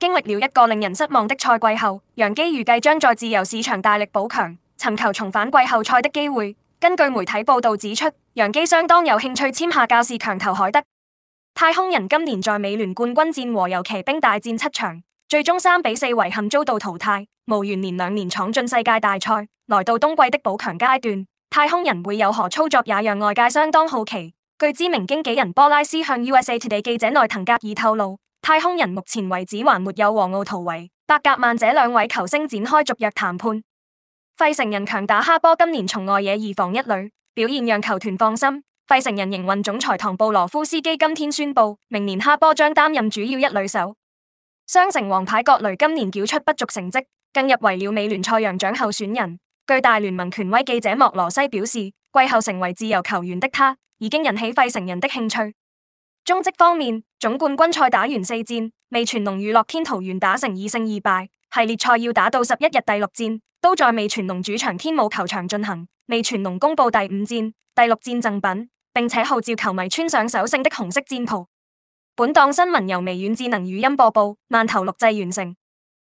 經歷了一個令人失望的賽季後，楊基預計將在自由市場大力補強，尋求重返季後賽的機會。根據媒體報道指出，楊基相當有興趣簽下教士強投海德。太空人今年在美聯冠軍戰和遊騎兵大戰七場，最終三比四遺憾遭到淘汰，無緣連兩年闖進世界大賽。來到冬季的補強階段，太空人會有何操作，也讓外界相當好奇。據知名經紀人波拉斯向 USA Today 記者內藤格爾透露。太空人目前為止還沒有和奧圖維、伯格曼這兩位球星展開續約談判。費城人強打哈波，今年從外野二防一壘，表現讓球團放心。費城人營運總裁唐布羅夫斯基今天宣布，明年哈波將擔任主要一壘手。雙城王牌葛雷今年繳出不俗成績，更入圍了美聯賽揚獎候選人。據大聯盟權威記者莫羅西表示，季後成為自由球員的他，已經引起費城人的興趣。中職方面，總冠軍賽打完四戰，味全龍與樂天桃園打成二勝二敗。系列賽要打到十一日第六戰，都在味全龍主場天母球場進行。味全龍公布第五戰、第六戰贈品，並且號召球迷穿上首勝的紅色戰袍。本檔新聞由微軟智能語音播報，慢投錄製完成。